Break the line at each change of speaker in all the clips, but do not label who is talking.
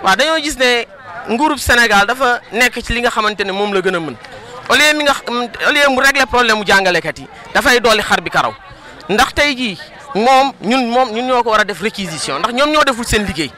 waaw dañoo gis ne nguurub Sénégal dafa nekk ci li nga xamante ne moom la gën a mën au mi nga au lieu mu régler problème mu jàngalekat yi dafay dolli xar bi karaw ndax tey jii moom ñun moom ñun ñoo ko war a def réquisition ndax ñoom ñoo deful seen liggéey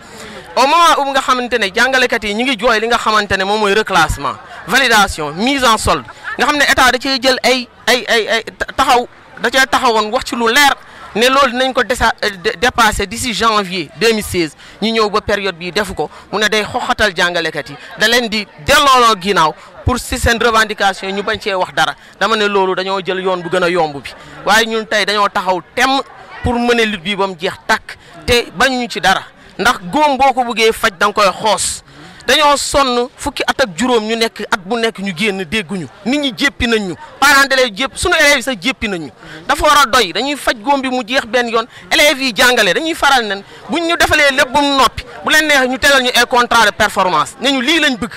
au moment où nga xamante ne jàngalekat yi ñu ngi jooy li nga xamante ne moom mooy reclassement validation mise en solde nga xam ne état da cee jël ay ay ay ay taxaw da cee taxawoon wax ci lu leer ne loolu dinañ ko desa euh, dépassé d'ici janvier 2016 ñu ñëw ba période bii defu ko mu ne day xoxatal jàngalekat yi da leen di dellooloo ginnaaw pour si seen revendication ñu bañ cee wax dara dama ne loolu dañoo jël yoon bu gën a yomb bi waaye ñun tey dañoo taxaw temm pour mener lutte bi ba mu jeex takk te bañuñu ci dara ndax góom boo ko buggee faj danga koy xoos dañoo sonn fukki at ak juróom ñu nekk at bu nekk ñu génn dégguñu nit ñi jéppi nañ ñu parents d'élèves jépp suñu élèves yi jéppi nañ ñu dafa war a doy dañuy faj góom bi mu jeex benn yoon élèves yi jàngale dañuy faral nen buñ ñu defalee lépp bu mu noppi bu leen neex ñu tegal ñu ay contrat de performance ne ñu lii lañ bëgg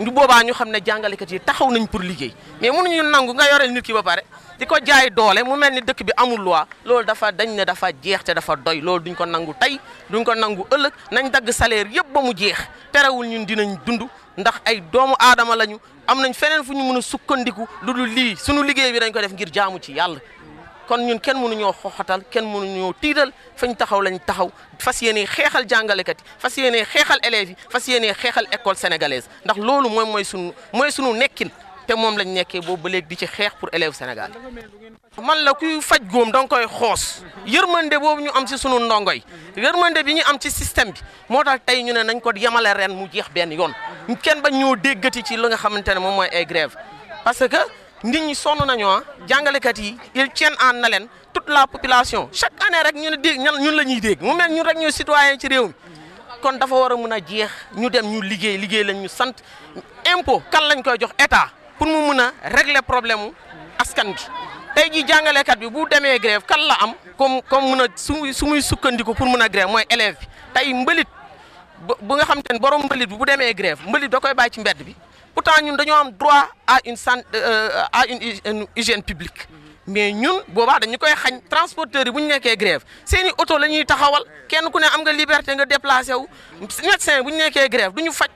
ñu boobaa ñu xam ne jàngalekat yi taxaw nañ pour liggéey mais mënuñu nangu nga yoreel nit ki ba pare di ko jaay doole mu mel ni dëkk bi amul loi loolu dafa dañ ne dafa jeex te dafa doy loolu duñ ko nangu tey duñ ko nangu ëllëg nañ dagg salaire yëpp ba mu jeex terewul ñun dinañ dundu ndax ay doomu aadama lañu am nañ feneen fu ñu mun a sukkandiku lu dul lii sunu liggéey bi dañ ko def ngir jaamu ci yàlla kon ñun kenn mënuñoo xoxatal kenn mënuñoo tiital fañ taxaw ñu taxaw fas yéene xeexal jàngalekat yi fas yéene xeexal élèves yi fas yéene xeexal école sénégalaise ndax loolu moom mooy sunu mooy sunu nekkin te moom lañu nekkee boobu ba léegi di ci xeex pour élèves Sénégal man la kuy faj góom da nga koy xoos yërmande boobu ñu am si sunu ndongo yi yërmande bi ñu am ci système bi moo tax tey ñu ne nañ ko yemale ren mu jeex benn yoon kenn bañ ñoo déggati ci li nga xamante ne moom mooy ay grève nit ñi sonn nañu ah jàngalekat yi ils tiennent en leen toute la population chaque année rek ñu ne dégg ñun la ñuy dégg mu mel ñun rek ñooy citoyen ci rew mi kon dafa war a mun a jeex ñu dem ñu liggéey liggéey lañ ñu sant impôt kan lañ koy jox état pour mu mun a réglé problème mu askan bi tey jii jàngalekat bi bu demee grève kan la am comme comme mun a su su muy sukkandiku pour mun a grève mooy élève bi tey mbalit bu nga xam te ne borom mbalit bu demee grève mbalit da koy bàyyi ci mbedd bi pourtant ñun dañoo am droit à une santé euh, euh, à une hygiène publique mm-hmm. mais ñun boobaa dañu koy xañ transporteurs yi bu ñu nekkee grève seen oto la ñuy taxawal kenn ku ne am nga liberté nga déplacé wu médecin bu ñu nekkee grève du ñu faj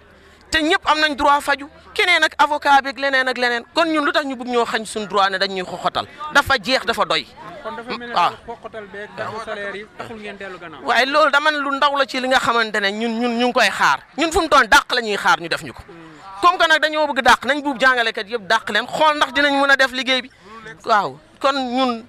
te ñëpp am nañ droit faju keneen nag avocat bi ak leneen ak leneen kon ñun lu tax ñu bëgg ñoo xañ suñu droit ne dañ ñuy xoxotal dafa jeex dafa doy. kon dafa mel ne xoxotal beeg salaire yi taxul ngeen dellu gannaaw. waaye loolu dama lu ndaw la ci li nga xamante ne ñun ñun ñu ngi koy xaar ñun fu mu doon dàq la ñuy xaar ñu def ñu ko. Mm. comme que nag dañoo bëgg dàq nañ buub jàngalekat yëpp dàq leen xool ndax dinañ mun a def liggéey bi waaw kon ñun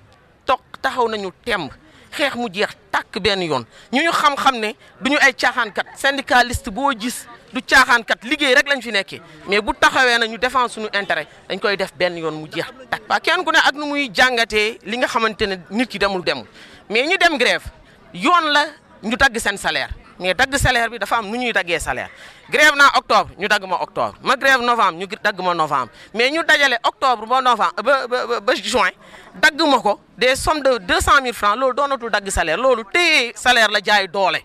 toog taxaw nañu temb xeex mu jeex takk benn yoon ñu ñu xam-xam ne du ñu ay caaxaankat syndicaliste boo gis du caaxaankat liggéey rek lañu fi nekkee mais bu taxawee na ñu défendre suñu intérêt dañ koy def benn yoon mu jeex tàkk. waaw kenn ku ne ak nu muy jàngatee li nga xamante ne nit ki demul dem mais ñu dem grève yoon la ñu dagg seen salaire. mais dagg salaire bi dafa am nu ñuy daggee salaire grève naa octobre ñu dagg ma octobre ma grève novembre ñu dagg ma novembre mais ñu dajale octobre ba novembre ba ba ba juin dagg ma ko des sommes de 200000 francs loolu doonatul dagg salaire loolu téye salaire la jaay doole.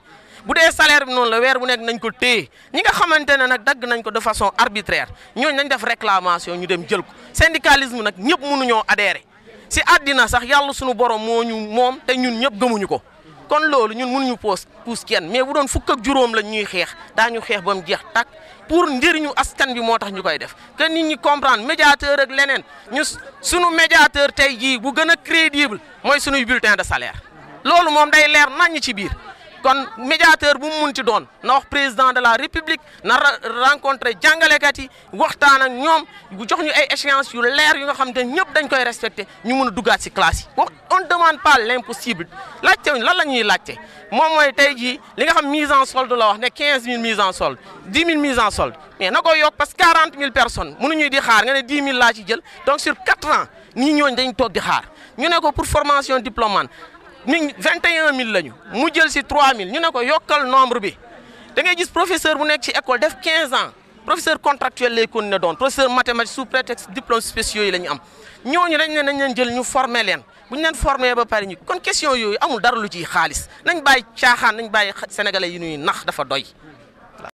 bu dee salaire bi noon la weer bu nekk nañ ko téye ñi nga xamante ne nag dagg nañ ko de façon arbitraire ñooñu nañ def réclamation ñu dem jël ko syndicalisme nag ñëpp ñoo adhérer si àddina sax yàlla suñu borom moo ñu moom te ñun ñëpp gëmuñu ko. kon loolu ñun munuñu poos puus kenn mais bu doon fukk ak juróom lañ ñuy xeex daañu xeex ba mu jeex takk pour njëriñu askan bi moo tax ñu koy def que nit ñi comprendre médiateur ak leneen ñu sunu médiateur tey jii bu gën a crédible mooy sunuy bulletin de saleer loolu moom day leer naññ ci biir kon médiateur bu mu munti doon na wax président de la république na rencontré jàngalekat yi waxtaan ak ñoom jox ñu ay échéances leer yu nga xam te ñëpp dañ koy respecté ñu mun a si classe yi. wax on demande pas l' impossible laajte lan la ñuy laajte moom mooy te ji li nga xam mise en solde la wax ne 15000 mise en solde 10000 mise en solde na ko yokk parce que 40000 personnes mënuñuy di xaar nga ne 10000 laa ci jël donc sur 4 ans nii ñooñu dañ toog ñu ne ko pour formation diplômante. mi vingt et un mille lañu mu jël si trois mille ñu ne ko yokkal nombre bi da ngay gis professeur bu nekk ci école def quinze ans professeur contractuel lay continuer doon professeur mathématique sous prétexte diplôme spéciaux yi la ñu am ñu dañ ne nañ leen jël ñu former leen bu ñu leen former ba pare ñu kon question yooyu amul dara lu ciy xaalis nañ bàyyi caaxaan nañ bàyyi sénégalais yi ñuy nax dafa doy.